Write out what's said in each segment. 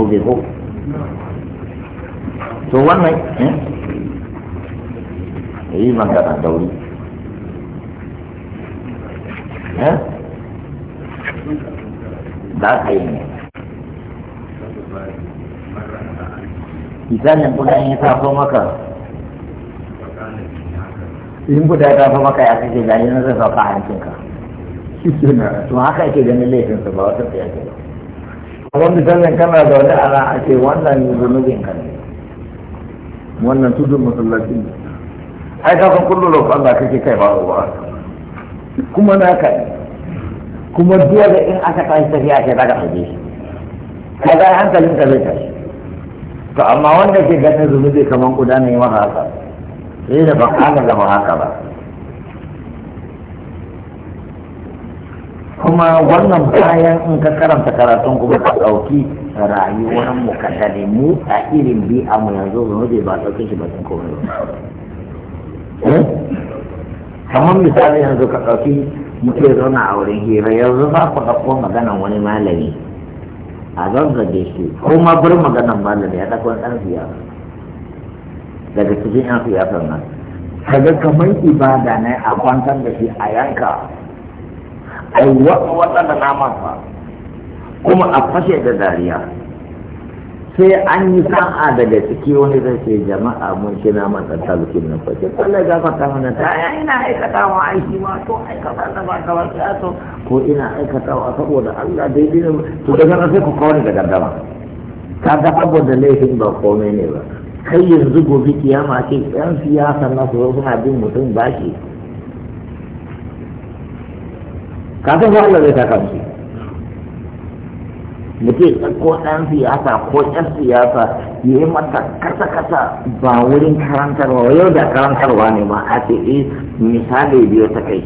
zunubi ko to wannan eh yi magana da wuri eh da kai ne idan kuda in ya taso maka in kuda ya taso maka ya kake gani na zai sauka hancinka to haka yake ganin laifinsa ba wata tsaye ba kamar misalin kana da wani ala a ce wannan zunubin ka ne wannan tudun masallaci ne ai ka san kullum roƙon Allah kake kai ba ba kuma na ka kuma duwa da in aka tashi tafiya ce daga ka tafi ka ga hankalin ka zai tashi to amma wanda ke ganin zunubi kamar kuda ne haka sai da ba ka ga ma haka ba kuma wannan bayan in ka karanta karatun kuma ka ɗauki rayuwar mu ka dade mu a irin bi a mu yanzu ba zai ba ɗauke shi ba sun eh? ba. kamar misali yanzu ka ɗauki muke zauna a wurin hira yanzu za ku ɗauko maganan wani malami a zazzage shi kuma bar maganan malami a ɗauko ɗan siyasa daga cikin 'yan siyasar nan kaga kamar ibada ne a kwantar da shi a yanka ai waɗanda naman fa kuma a fashe da dariya sai an yi sa'a daga ciki wani zai ce jama'a mun shi naman tsanta bikin nan fashe kin Allah ya fata mana ta ya ina aikata wa aiki ma to aikata da ba kawar ya to ko ina aikata wa saboda Allah daidai ne to daga nan sai ku kawo ni da gardama ka ga saboda laifin ba komai ne ba kai yanzu gobe kiyama ce yan siyasa na su suna bin mutum ba shi kafin fa Allah zai taka su mutum ko ɗan siyasa ko ƴan siyasa ya yi mata kasa-kasa ba wurin karantarwa yau da karantarwa ne ma a ce eh misali biyu ta kai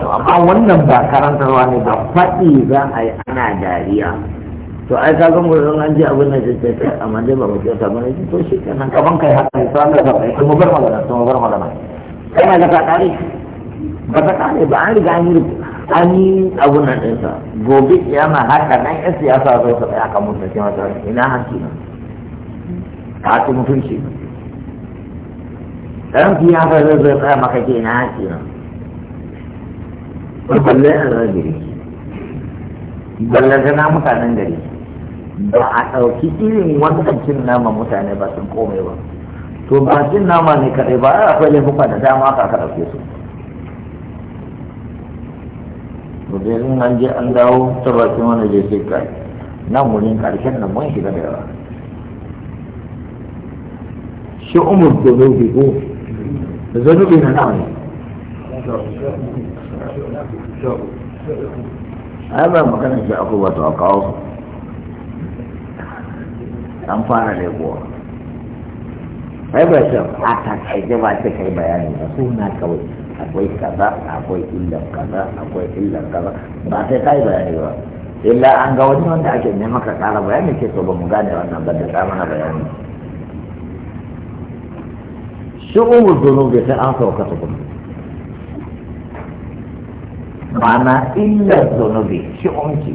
amma wannan ba karantarwa ne ba faɗi za a yi ana dariya to ai ka ga mun an ji abin da take ta eh, amma dai ba mu kyauta ba ne to shi kenan kaman kai haka sai ga ka kai kuma bar magana kuma bar magana kana da ka ba ta kare ba an riga an yi an yi abun nan ɗinsa gobe kiyama haka nan yan siyasa zo sa tsaya kan mutunci masa ina haƙƙi nan haƙƙi mutunci ɗan siyasa zai zai tsaya maka ke ina haƙƙi nan balle a gari balle na mutanen gari ba a ɗauki irin wannan cin nama mutane ba sun komai ba to ba cin nama ne kaɗai ba akwai laifuka da dama ka ka ɗauke su ku dai in an je an dawo ta bakin wani je sai kai nan wurin karshen nan mun shiga da yawa shi umur ko ne bi ko zanubi na nawa ne ai ba magana shi aku ba to a kawo an fara da kuwa ai ba shi a ta kai ba ta kai bayani ba suna kawai akwai kaza akwai illar kaza akwai illar kaza ba sai kai bayani ba illa an ga wani wanda ake ne maka kara bayani ke to ba mu gane wannan ba da ta mana bayani zuru dhunubi sai an sauka kuma ma'ana illar shi shi'unki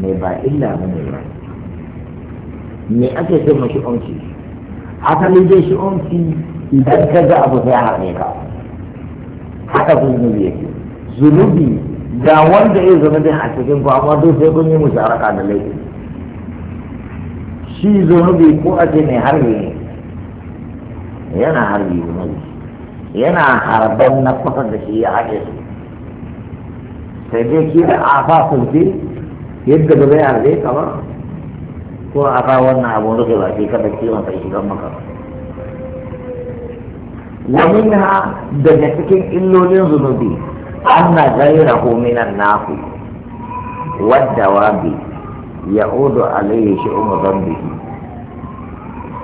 ne ba illa mu ne ba me ake ce ma shi'unki asali dai shi'unki idan ka ga abu sai harbe ka haka zunubi yake zunubi da wanda ya zama dai a cikin ku amma duk sai kun yi araka da laifi shi zunubi ko a ce mai harbi ne yana harbi zunubi yana harban na kusa da shi ya haɗe su sai dai ki da afa sun ce yadda ba zai harbe ka ba ko ka wannan abun rufe ba ke kada kiwon sai shigan maka ba ومنها ha daga cikin illolin zunubi an na gari na hominan naku wadda wa bi ya odo alayyar shi umu zan biki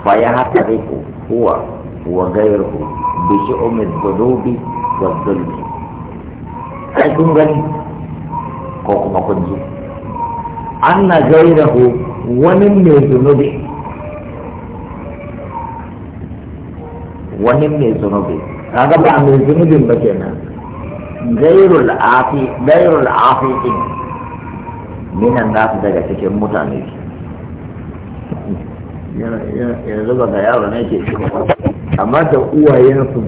ba ya haka zai kuwa wa gayar ku bi shi umu zunubi da zunubi ai kun gani ko kuma kun ji an na gari na hominan naku wani mai zunubi kaga ba mai zunubin ba kenan gairul afi gairul afi din minan nasu daga cikin mutane yanzu ba ga yaro ne ke shi amma da uwayensu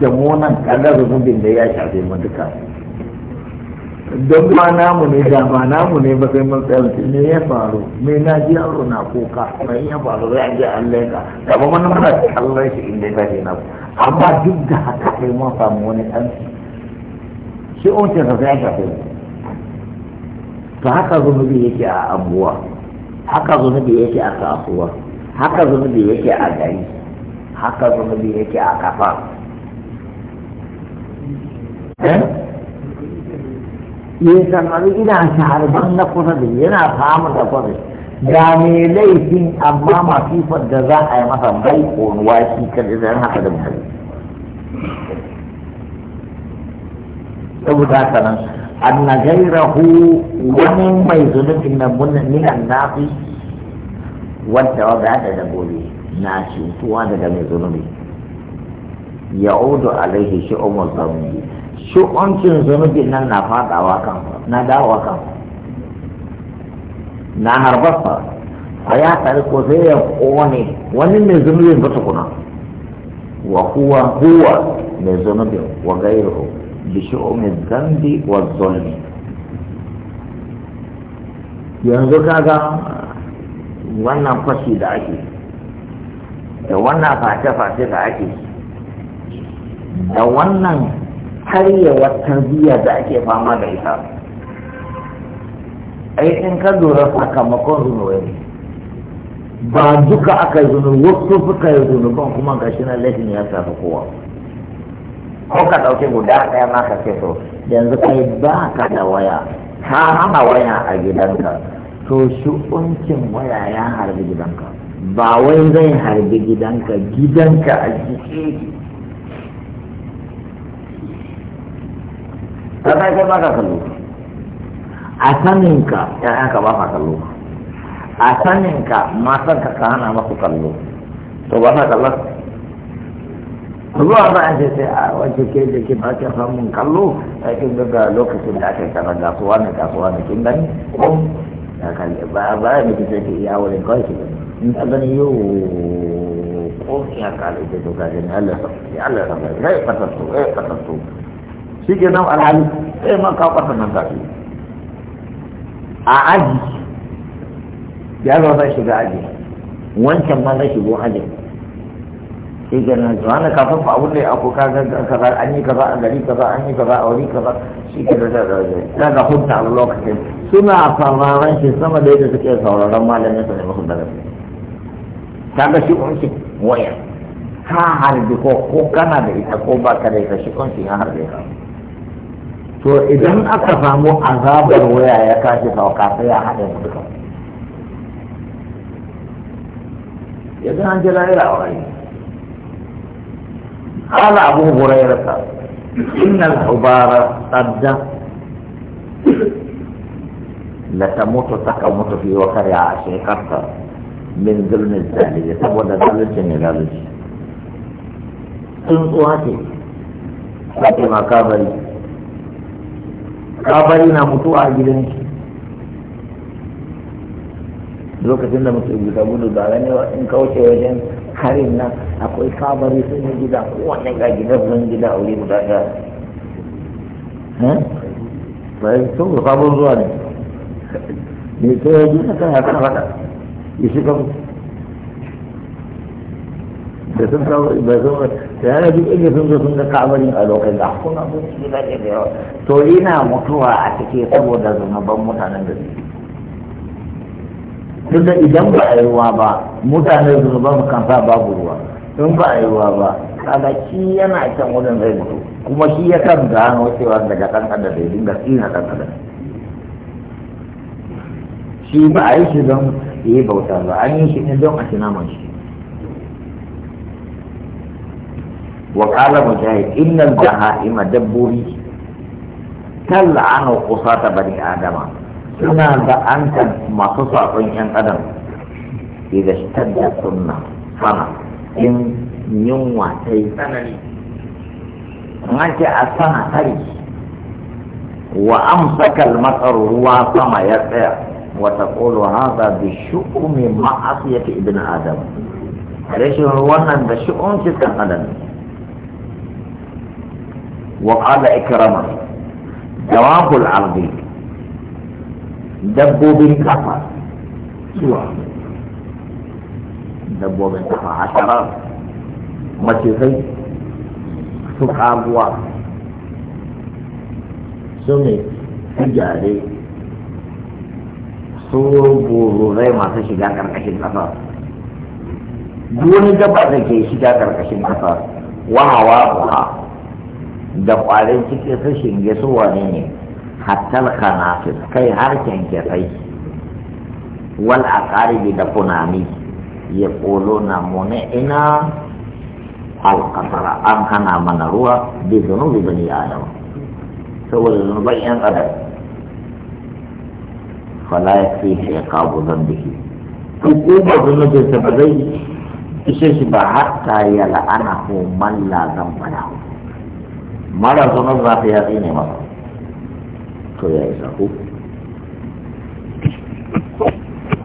da munan kaga zunubin da ya shafe mu duka don ba namu ne da ba namu ne ba sai mun tsayarci ne ya faru me na ji yaro na kuka mai ya faru zai an je an leka da ba wani muna kallon shi inda ya na ku amma duk da haka sai mun samu wani ɗan shi umcin sa sai ya shafe to haka zunubi yake a abuwa haka zunubi yake a kasuwa haka zunubi yake a gari haka zunubi yake a kafa eh ya sanari ina shahararren na kusa da yana samun da kwarai da mai laifin amma masifar da za a yi masa bai konuwa shi kadai zai haka da mutane saboda haka nan anna gairahu wani mai zunubin na minan nafi wadda wadda da dabbobi na cutuwa daga mai zunubi ya'udu alaihi shi'umul zambi shukuncin zunubin nan na fadawa kan na dawa kan na harbasa a ya tsari ko sai ya kone wani mai zunubin ba tukuna wa kuwa huwa mai zunubin wa gairu bi mai zambi wa zulmi yanzu kaga wannan fashi da ake da wannan face-face da ake da wannan Har karyewar tarbiyya da ake fama da ita ai in ka lura sakamakon zunubai ne ba duka aka yi zunubi wasu suka yi zunuban kuma ga shi na laifin ya sami kowa ko ka ɗauke guda ɗaya ma ka ce so yanzu kai ba ka da waya ka hana waya a gidanka to shi'uncin waya ya harbi gidanka ba wai zai harbi gidanka gidanka a jike ta ta kai ba ka kallo a sanin ka ya'yan ka ba ka kallo a sanin ka matan ka ka hana masu kallo to ba ka kallo zuwa ba a ce sai a wace ke da ke ba ke samun kallo a kin daga lokacin da aka kara gasuwa ne gasuwa ne kin gani ko ba ba da ke sai ke iya wurin kawai ki gani in ka gani yau ko ya kare da dogarin Allah ya Allah ya rai fatattu rai fatattu shi ke nan alhali sai man kawo ƙasar nan tafi a aji ya zo zai shiga aji wancan ma zai shigo aji shi ke nan zuwa na kafin fa abin da ya ako kaga kaza an yi kaza a gari kaza an yi kaza a wuri kaza shi ke da da ga hunta a lokacin suna sauraron shi sama da yadda suke sauraron malamin su ne musu da gaske kaga shi kunshi waya ka harbi ko kana da ita ko ba ka da ita shi kunshi ya harbe ka to idan aka samu azabar waya ya tashi sauka sai ya haɗa su duka yanzu an ji lahira a wani قال أبو هريرة إن الحبار قد لتموت تكموت في وكر عشي كثر من ظلم الزالية ولا ذلك ذلك تنصوها تي فاتما كابري kabari na mutuwa a gidan shi lokacin da mutum guda gudu da rani in kauce wajen harin nan akwai kabari sun yi gida wannan ga gidan sun gida a wuri guda ɗaya eh? bai sun ga sabon zuwa ne ne ta yi gida kan ya kan faɗa ya kan da sun kawo bai sun yana duk inda sun zo sun ga kabarin a lokacin da kuma sun ci da ke yawa to ina mutuwa a cike saboda zunuban mutanen da su duk da idan ba a yi ruwa ba mutanen zunuban kan sa babu ruwa in ba a yi ruwa ba kaga shi yana can wajen zai mutu kuma shi ya kan gano cewa daga kan da bai dinga tsina kan adam shi ba a yi shi don yi bauta ba an yi shi ne don a ci naman shi وقال مجاهد إن البهائم دبوري تلعن قصاة بني آدم سنا بأنت ما تصعب أن أدم إذا اشتد سنة فنا إن ينوى ما جاء أسنى تري وأمسك المطر هو سما يسير وتقول هذا بشؤم معصية ابن آدم ليش هو أن بشؤم تلك آدم وقال إكرمه جواب العرض دبوا بالكفر سوى دبوا بالكفر عشرات مكيفي سبحان الله سوني تجاري سوبو زي ما تشجع كركشين كفر دون جبر كي شجع كركشين كفر وهواها da kwarin ciki su shinge su wane ne hattar kanafis kai har kyankyasai wal aqaribi da kunami ya kolo na mune ina alkasara an hana mana ruwa bai zunubi bani adam saboda zunuban yan adam fala ya fi shi ya kawo zambihi hukumar zunubinsa ba zai ishe shi ba hatta ya la'ana ko man la zambara mara zunar zafi ya ne masa to ya isa ku